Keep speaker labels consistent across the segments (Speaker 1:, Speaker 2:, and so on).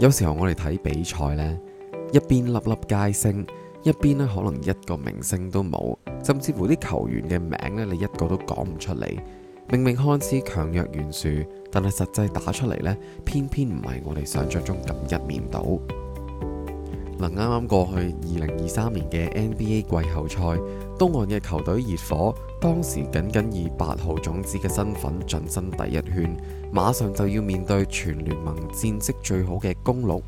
Speaker 1: 有時候我哋睇比賽呢，一邊粒粒皆星，一邊呢可能一個明星都冇，甚至乎啲球員嘅名呢，你一個都講唔出嚟。明明看似強弱懸殊，但係實際打出嚟呢，偏偏唔係我哋想像中咁一面倒。嗱，啱啱過去二零二三年嘅 NBA 季後賽，東岸嘅球隊熱火。當時僅僅以八號種子嘅身份晉身第一圈，馬上就要面對全聯盟戰績最好嘅公鹿。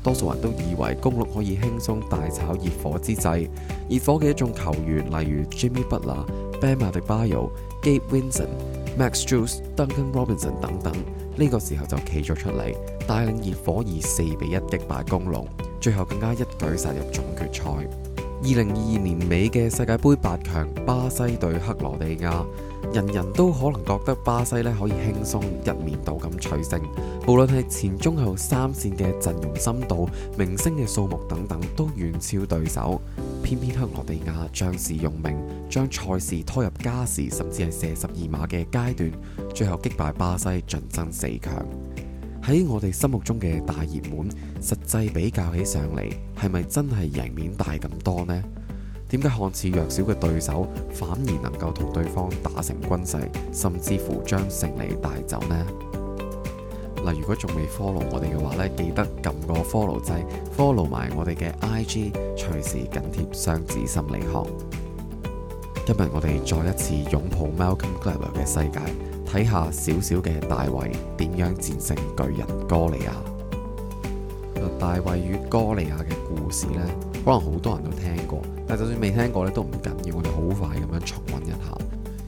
Speaker 1: 多數人都以為公鹿可以輕鬆大炒熱火之際，熱火嘅一眾球員例如 Jimmy Butler、Bam Adebayo、Gabe Vincent、Max Strus、Duncan Robinson 等等，呢、這個時候就企咗出嚟帶領熱火以四比一擊敗公鹿，最後更加一舉殺入總決賽。二零二二年尾嘅世界杯八強，巴西對克羅地亞，人人都可能覺得巴西咧可以輕鬆一面倒咁取勝，無論係前中後三線嘅陣容深度、明星嘅數目等等，都遠超對手。偏偏克羅地亞將士用命，將賽事拖入加時，甚至係射十二碼嘅階段，最後擊敗巴西，晉身四強。喺我哋心目中嘅大熱門，實際比較起上嚟，係咪真係贏面大咁多呢？點解看似弱小嘅對手，反而能夠同對方打成均勢，甚至乎將勝利帶走呢？嗱，如果仲未 fo fo follow 我哋嘅話呢，記得撳個 follow 掣，follow 埋我哋嘅 IG，隨時緊貼雙子心理學。今日我哋再一次擁抱 Malcolm Gladwell 嘅世界。睇下小小嘅大衛點樣戰勝巨人哥利亞。大衛與哥利亞嘅故事呢，可能好多人都聽過，但就算未聽過呢都唔緊要，我哋好快咁樣重溫一下。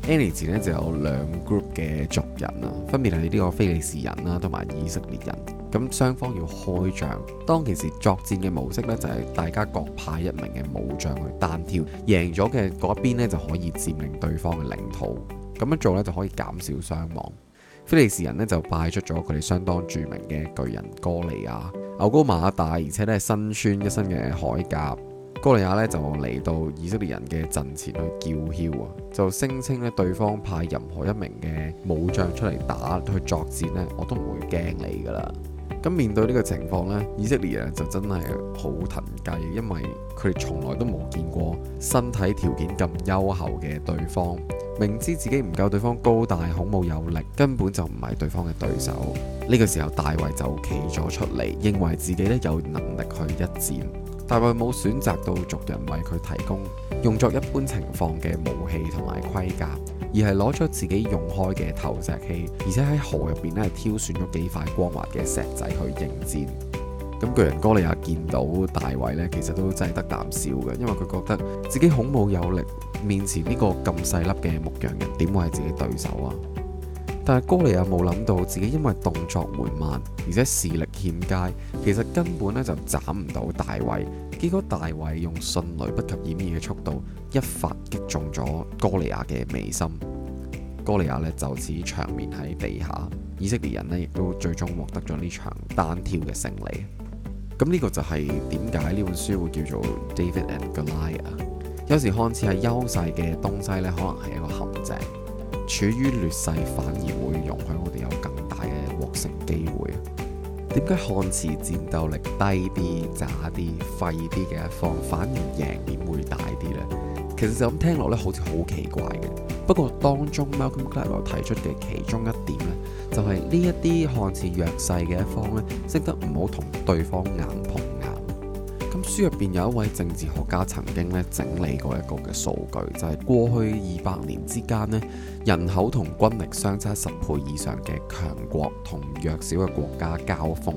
Speaker 1: n 年前呢就有兩 group 嘅族人啊，分別係呢個非利士人啦，同埋以色列人。咁雙方要開仗，當其時作戰嘅模式呢，就係、是、大家各派一名嘅武將去單挑，贏咗嘅嗰邊呢，就可以佔領對方嘅領土。咁樣做咧就可以減少傷亡。菲利士人咧就派出咗佢哋相當著名嘅巨人哥利亞，牛高馬大，而且咧身穿一身嘅鎧甲。哥利亞咧就嚟到以色列人嘅陣前去叫囂啊，就聲稱咧對方派任何一名嘅武將出嚟打去作戰咧，我都唔會驚你㗎喇。咁面對呢個情況呢，以色列人就真係好騰雞，因為佢哋從來都冇見過身體條件咁優厚嘅對方，明知自己唔夠對方高大，孔武有力，根本就唔係對方嘅對手。呢個時候，大衛就企咗出嚟，認為自己咧有能力去一戰。大衛冇選擇到族人為佢提供用作一般情況嘅武器同埋盔甲。而係攞咗自己用開嘅投石器，而且喺河入邊咧係挑選咗幾塊光滑嘅石仔去應戰。咁巨人哥利亞見到大衛咧，其實都真係得啖笑嘅，因為佢覺得自己孔武有力，面前呢個咁細粒嘅牧羊人點會係自己對手啊？但係哥利亞冇諗到自己因為動作緩慢，而且視力。險街其實根本咧就斬唔到大衛，結果大衛用迅雷不及掩耳嘅速度一發擊中咗哥利亞嘅眉心。哥利亞咧就此長眠喺地下，以色列人咧亦都最終獲得咗呢場單挑嘅勝利。咁呢個就係點解呢本書會叫做《David and Goliath》？有時看似係優勢嘅東西咧，可能係一個陷阱。處於劣勢反而會容許我哋有更大嘅獲勝機會。點解看似戰鬥力低啲、渣啲、廢啲嘅一方反而贏面會大啲呢？其實就咁聽落咧，好似好奇怪嘅。不過當中 Malcolm Gladwell 提出嘅其中一點咧，就係呢一啲看似弱勢嘅一方咧，識得唔好同對方硬碰。書入邊有一位政治學家曾經咧，整理過一個嘅數據，就係過去二百年之間咧，人口同軍力相差十倍以上嘅強國同弱小嘅國家交鋒。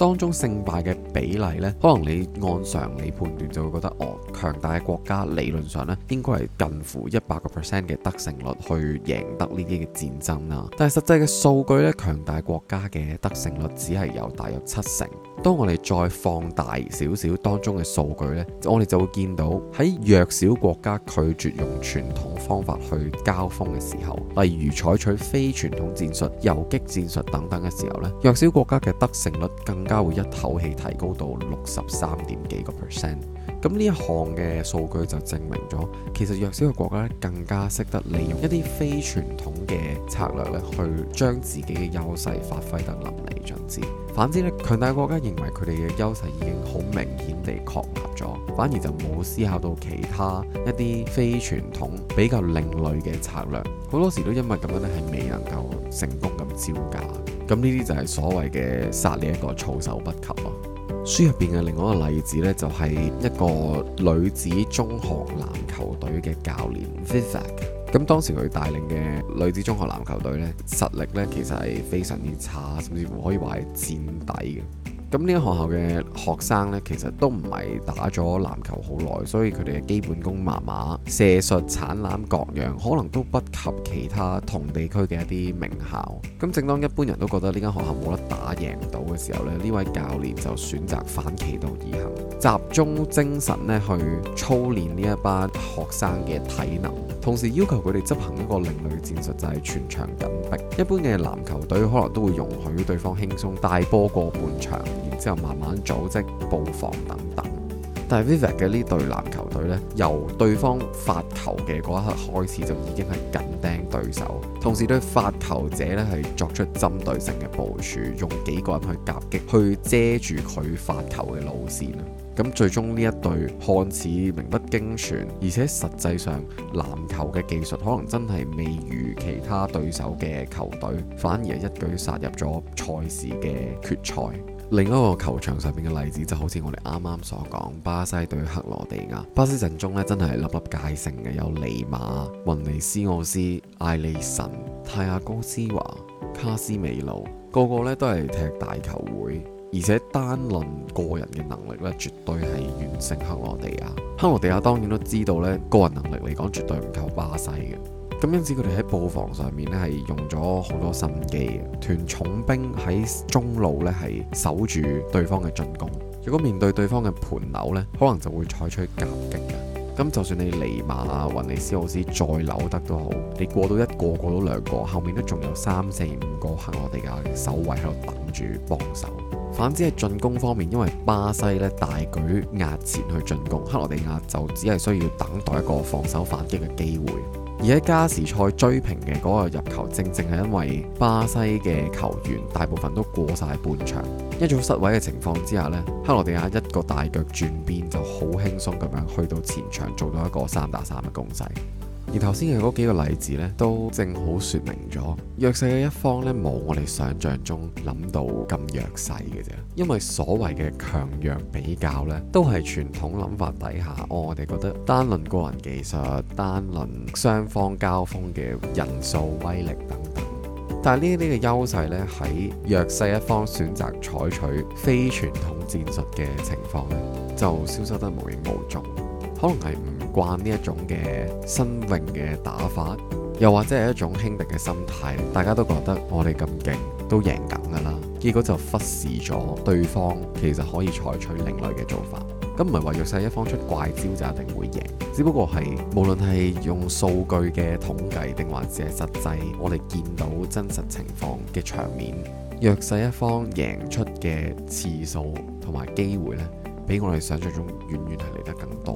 Speaker 1: 當中勝敗嘅比例呢，可能你按常理判斷就會覺得，哦，強大嘅國家理論上呢應該係近乎一百個 percent 嘅得勝率去贏得呢啲嘅戰爭啦。但係實際嘅數據呢，強大國家嘅得勝率只係有大約七成。當我哋再放大少少當中嘅數據呢，我哋就會見到喺弱小國家拒絕用傳統方法去交鋒嘅時候，例如採取非傳統戰術、遊擊戰術等等嘅時候呢，弱小國家嘅得勝率更。家會一口氣提高到六十三點幾個 percent。咁呢一行嘅數據就證明咗，其實弱小嘅國家更加識得利用一啲非傳統嘅策略咧，去將自己嘅優勢發揮得淋漓盡致。反之咧，強大國家認為佢哋嘅優勢已經好明顯地確立咗，反而就冇思考到其他一啲非傳統比較另類嘅策略。好多時都因為咁樣咧，係未能夠成功咁招架。咁呢啲就係所謂嘅殺你一個措手不及咯。書入邊嘅另外一個例子咧，就係一個女子中學籃球隊嘅教練 Vivek。咁 The fact. 當時佢帶領嘅女子中學籃球隊咧，實力咧其實係非常之差，甚至乎可以話係墊底嘅。咁呢間學校嘅學生呢，其實都唔係打咗籃球好耐，所以佢哋嘅基本功麻麻，射術、搶籃、各樣，可能都不及其他同地區嘅一啲名校。咁正當一般人都覺得呢間學校冇得打贏到嘅時候呢，呢位教練就選擇反其道而行，集中精神呢去操練呢一班學生嘅體能，同時要求佢哋執行一個另類戰術，就係、是、全場緊逼。一般嘅籃球隊可能都會容許對方輕鬆帶波過半場。然之後慢慢組織布防等等，但係 Viva 嘅呢隊籃球隊呢，由對方發球嘅嗰一刻開始，就已經係緊盯對手，同時對發球者呢係作出針對性嘅部署，用幾個人去夾擊，去遮住佢發球嘅路線。咁最終呢一隊看似名不經傳，而且實際上籃球嘅技術可能真係未如其他對手嘅球隊，反而係一舉殺入咗賽事嘅決賽。另一個球場上面嘅例子就是，好似我哋啱啱所講，巴西對克羅地亞，巴西陣中呢，真係粒粒皆星嘅，有尼馬、雲尼斯奧斯、艾利臣、泰亞高斯華、卡斯美路，個個呢都係踢大球會，而且單論個人嘅能力呢，絕對係完勝克羅地亞。克羅地亞當然都知道呢，個人能力嚟講絕對唔夠巴西嘅。咁因此佢哋喺佈防上面咧，係用咗好多心機。團重兵喺中路咧，係守住對方嘅進攻。如果面對對方嘅盤扭咧，可能就會採取夾擊。啊。咁就算你尼瑪啊、雲尼斯奧斯再扭得都好，你過到一個、過到兩個，後面都仲有三四五個克羅地亞嘅守衛喺度等住幫手。反之係進攻方面，因為巴西咧大舉壓前去進攻，克羅地亞，就只係需要等待一個防守反擊嘅機會。而家加時賽追平嘅嗰個入球，正正係因為巴西嘅球員大部分都過晒半場，一種失位嘅情況之下呢，克羅地亞一個大腳轉變就好輕鬆咁樣去到前場，做到一個三打三嘅攻勢。而頭先嘅嗰幾個例子咧，都正好説明咗弱勢嘅一方咧，冇我哋想象中諗到咁弱勢嘅啫。因為所謂嘅強弱比較咧，都係傳統諗法底下，我哋覺得單論個人技術、單論雙方交鋒嘅人數、威力等等，但係呢啲嘅優勢咧，喺弱勢一方選擇採取非傳統戰術嘅情況咧，就消失得無影無蹤，可能係唔。慣呢一種嘅新穎嘅打法，又或者係一種輕敵嘅心態，大家都覺得我哋咁勁都贏緊噶啦。結果就忽視咗對方其實可以採取另類嘅做法。咁唔係話弱勢一方出怪招就一定會贏，只不過係無論係用數據嘅統計定或者係實際我哋見到真實情況嘅場面，弱勢一方贏出嘅次數同埋機會呢，比我哋想象中遠遠係嚟得更多。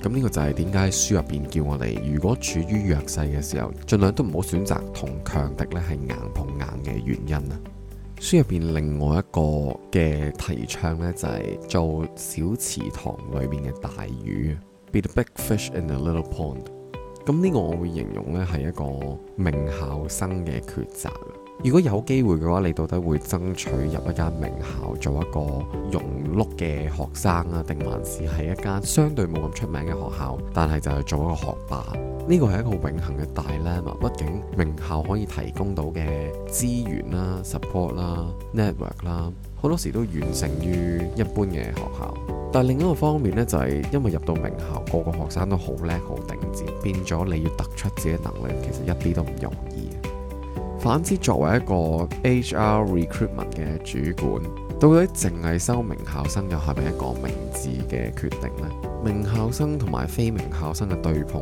Speaker 1: 咁呢個就係點解書入邊叫我哋如果處於弱勢嘅時候，盡量都唔好選擇同強敵呢係硬碰硬嘅原因啊！書入邊另外一個嘅提倡呢，就係做小池塘裏面嘅大魚，be the big fish in a little pond。咁呢個我會形容呢，係一個名校生嘅抉擇。如果有機會嘅話，你到底會爭取入一間名校做一個庸碌嘅學生啊，定還是係一間相對冇咁出名嘅學校，但係就係做一個學霸？呢個係一個永恒嘅大 dilemma 啊！畢竟名校可以提供到嘅資源啦、support 啦、network 啦，好多時都遠勝於一般嘅學校。但係另一個方面咧，就係、是、因為入到名校，個個學生都好叻、好頂尖，變咗你要突出自己能力，其實一啲都唔用。反之，作為一個 HR recruitment 嘅主管，到底淨係收名校生又係咪一個明智嘅決定呢？名校生同埋非名校生嘅對碰，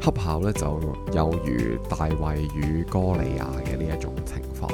Speaker 1: 恰巧咧就有如大衛與哥利亞嘅呢一種情況。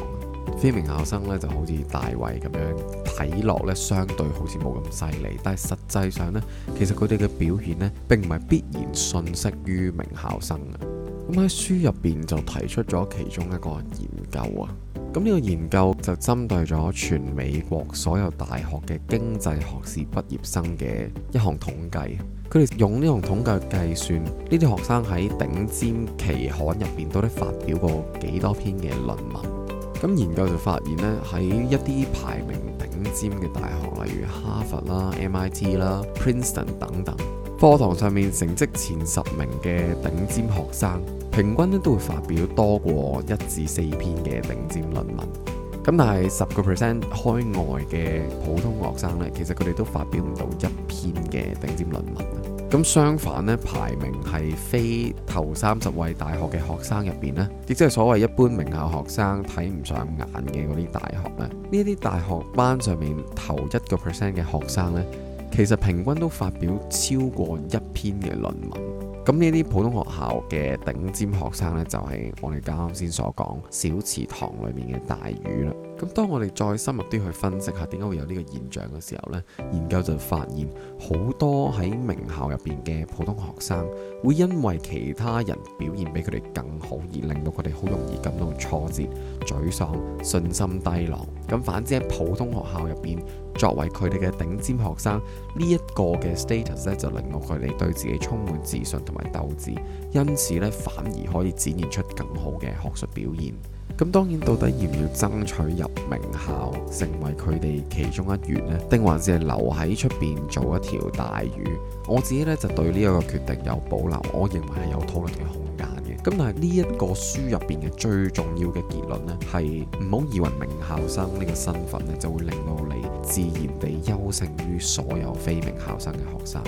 Speaker 1: 非名校生咧就好似大衛咁樣，睇落咧相對好似冇咁犀利，但係實際上咧，其實佢哋嘅表現咧並唔係必然遜色於名校生嘅。咁喺書入邊就提出咗其中一個研究啊，咁呢個研究就針對咗全美國所有大學嘅經濟學士畢業生嘅一項統計，佢哋用呢項統計計算呢啲學生喺頂尖期刊入邊到底發表過幾多篇嘅論文，咁研究就發現呢，喺一啲排名頂尖嘅大學，例如哈佛啦、MIT 啦、Princeton 等等。課堂上面成績前十名嘅頂尖學生，平均咧都會發表多過一至四篇嘅頂尖論文。咁但係十個 percent 開外嘅普通學生呢，其實佢哋都發表唔到一篇嘅頂尖論文。咁相反呢，排名係非頭三十位大學嘅學生入邊呢，亦即係所謂一般名校學生睇唔上眼嘅嗰啲大學呢，呢啲大學班上面頭一個 percent 嘅學生呢。其實平均都發表超過一篇嘅論文，咁呢啲普通學校嘅頂尖學生咧，就係我哋啱啱先所講小池塘裏面嘅大魚啦。咁當我哋再深入啲去分析下點解會有呢個現象嘅時候呢，研究就發現好多喺名校入邊嘅普通學生，會因為其他人表現比佢哋更好，而令到佢哋好容易感到挫折、沮喪、信心低落。咁反之，喺普通學校入邊作為佢哋嘅頂尖學生，這個、呢一個嘅 status 咧，就令到佢哋對自己充滿自信同埋鬥志，因此呢，反而可以展現出更好嘅學術表現。咁當然，到底要唔要爭取入名校，成為佢哋其中一員呢？定還是係留喺出邊做一條大魚？我自己咧就對呢一個決定有保留，我認為係有討論嘅空間嘅。咁但係呢一個書入邊嘅最重要嘅結論呢，係唔好以為名校生呢個身份呢，就會令到你自然地優勝於所有非名校生嘅學生。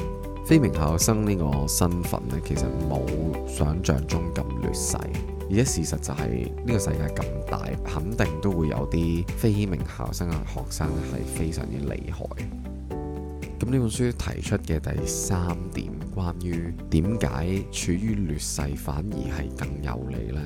Speaker 1: 非名校生呢個身份呢，其實冇想像中咁劣勢。而且事實就係呢個世界咁大，肯定都會有啲非名校生啊。學生係非常之厲害。咁呢本書提出嘅第三點，關於點解處於劣勢反而係更有利呢？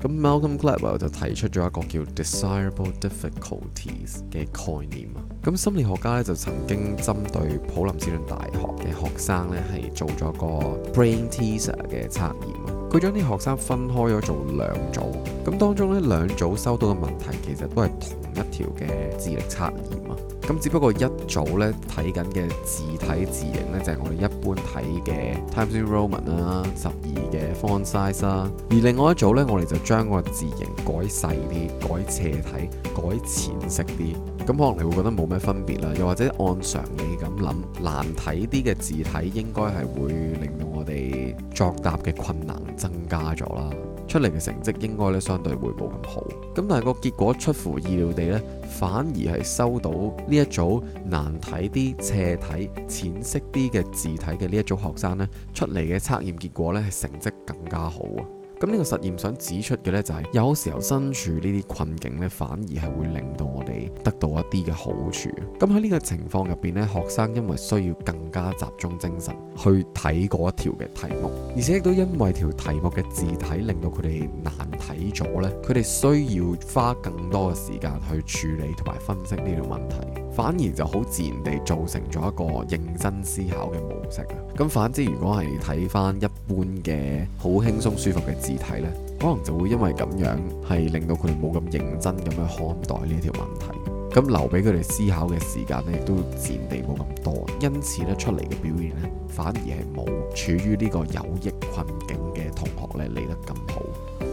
Speaker 1: 咁 Malcolm Gladwell 就提出咗一個叫 Desirable Difficulties 嘅概念啊。咁心理學家咧就曾經針對普林斯頓大學嘅學生咧係做咗個 Brain Teaser 嘅測驗。佢將啲學生分開咗做兩組，咁當中呢兩組收到嘅問題其實都係同一條嘅智力測驗啊。咁只不過一組呢睇緊嘅字體字型呢，就係我哋一般睇嘅 Times New Roman 啊、十二嘅 font size 啦；而另外一組呢，我哋就將個字型改細啲、改斜體、改淺色啲。咁可能你會覺得冇咩分別啦，又或者按常理咁諗，難睇啲嘅字體應該係會令到我哋作答嘅困難。增加咗啦，出嚟嘅成績應該呢相對會冇咁好。咁但係個結果出乎意料地呢，反而係收到呢一組難睇啲、斜體、淺色啲嘅字體嘅呢一組學生呢，出嚟嘅測驗結果呢，係成績更加好啊！咁呢個實驗想指出嘅呢，就係有時候身處呢啲困境呢，反而係會令到我哋得到一啲嘅好處。咁喺呢個情況入邊呢，學生因為需要更加集中精神去睇嗰一條嘅題目，而且亦都因為條題目嘅字體令到佢哋難睇咗呢，佢哋需要花更多嘅時間去處理同埋分析呢條問題。反而就好自然地造成咗一個認真思考嘅模式啊！咁反之，如果係睇翻一般嘅好輕鬆舒服嘅字體呢，可能就會因為咁樣係令到佢哋冇咁認真咁樣看待呢一條問題，咁留俾佢哋思考嘅時間呢，亦都自然地冇咁多，因此咧出嚟嘅表現呢，反而係冇處於呢個有益困境嘅同學呢，嚟得咁好。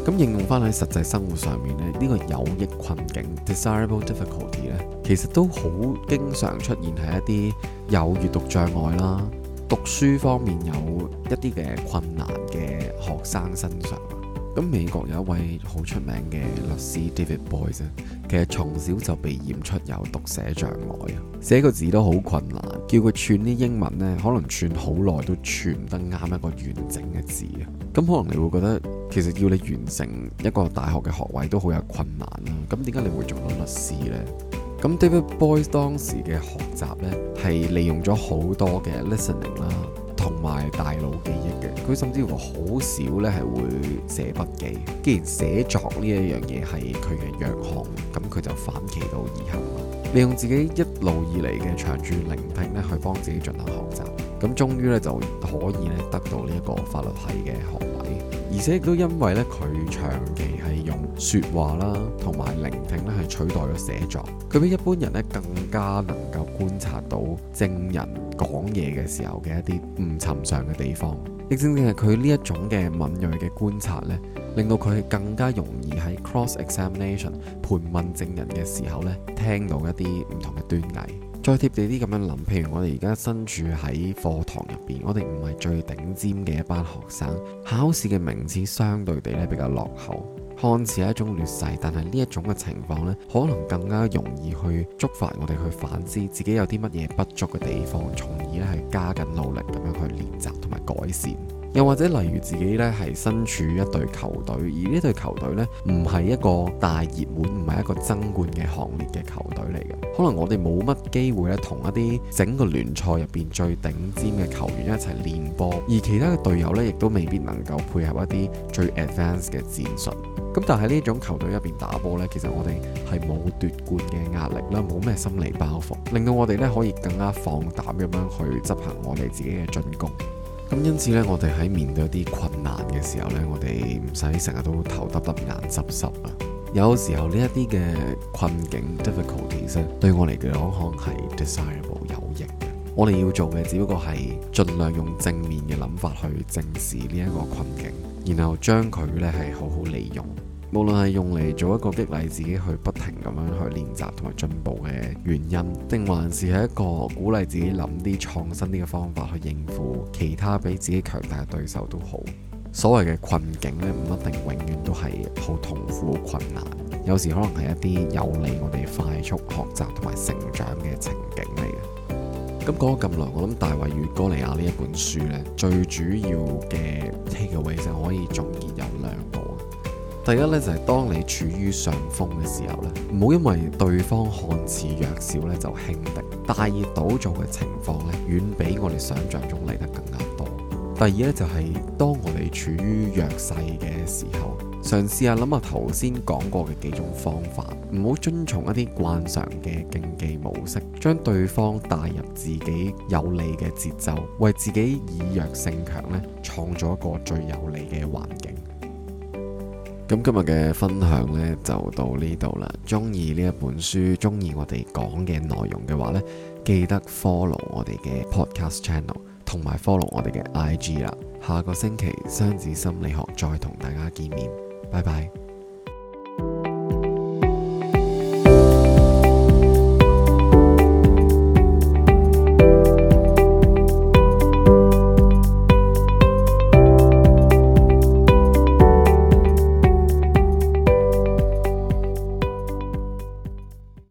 Speaker 1: 咁應用返喺實際生活上面咧，呢個有益困境 （desirable difficulty） 其實都好經常出現喺一啲有閱讀障礙啦、讀書方面有一啲嘅困難嘅學生身上。咁美國有一位好出名嘅律師 David Boies，其實從小就被驗出有讀寫障礙啊，寫個字都好困難，叫佢串啲英文呢，可能串好耐都串得啱一個完整嘅字啊。咁可能你會覺得其實叫你完成一個大學嘅學位都好有困難啦。咁點解你會做到律師呢？咁 David Boies 當時嘅學習呢，係利用咗好多嘅 listening 啦。同埋大腦記憶嘅，佢甚至乎好少咧係會寫筆記。既然寫作呢一樣嘢係佢嘅弱項，咁佢就反其道而行啦，利用自己一路以嚟嘅長處聆聽咧，去幫自己進行學習。咁終於咧就可以咧得到呢一個法律系嘅學。而且亦都因為咧，佢長期係用説話啦，同埋聆聽咧，係取代咗寫作。佢比一般人咧更加能夠觀察到證人講嘢嘅時候嘅一啲唔尋常嘅地方。亦正正係佢呢一種嘅敏銳嘅觀察咧，令到佢更加容易喺 cross examination 盤問證人嘅時候咧，聽到一啲唔同嘅端倪。再貼地啲咁樣諗，譬如我哋而家身處喺課堂入邊，我哋唔係最頂尖嘅一班學生，考試嘅名次相對地呢比較落後，看似係一種劣勢，但係呢一種嘅情況呢，可能更加容易去觸發我哋去反思自己有啲乜嘢不足嘅地方，從而呢係加緊努力咁樣去練習同埋改善。又或者例如自己呢係身處一隊球隊，而呢隊球隊呢唔係一個大熱門，唔係一個爭冠嘅行列嘅球隊嚟嘅。可能我哋冇乜機會咧，同一啲整個聯賽入邊最頂尖嘅球員一齊練波，而其他嘅隊友呢亦都未必能夠配合一啲最 advance 嘅戰術。咁但係呢種球隊入邊打波呢，其實我哋係冇奪冠嘅壓力啦，冇咩心理包袱，令到我哋呢可以更加放膽咁樣去執行我哋自己嘅進攻。咁因此呢，我哋喺面對一啲困難嘅時候呢，我哋唔使成日都頭耷耷眼濕濕啊！有時候呢一啲嘅困境 difficulties 咧，對我嚟講可能係 desirable 有益嘅。我哋要做嘅只不過係盡量用正面嘅諗法去正視呢一個困境，然後將佢呢係好好利用。無論係用嚟做一個激勵自己去不停咁樣去練習同埋進步嘅原因，定還是係一個鼓勵自己諗啲創新啲嘅方法去應付其他比自己強大嘅對手都好。所謂嘅困境咧，唔一定永遠都係好痛苦好困難，有時可能係一啲有利我哋快速學習同埋成長嘅情景嚟嘅。咁講咗咁耐，我諗《大衛與哥利亞》呢一本書呢，最主要嘅 takeaway 就可以總結有兩個。第一呢，就係、是、當你處於上風嘅時候呢，唔好因為對方看似弱小呢就輕敵，大熱倒灶嘅情況呢，遠比我哋想像中嚟得。第二咧就係當我哋處於弱勢嘅時候，嘗試下諗下頭先講過嘅幾種方法，唔好遵從一啲慣常嘅競技模式，將對方帶入自己有利嘅節奏，為自己以弱勝強呢，創造一個最有利嘅環境。咁今日嘅分享呢就到呢度啦。中意呢一本書，中意我哋講嘅內容嘅話呢，記得 follow 我哋嘅 podcast channel。同埋 follow 我哋嘅 IG 啦，下個星期雙子心理學再同大家見面，拜拜。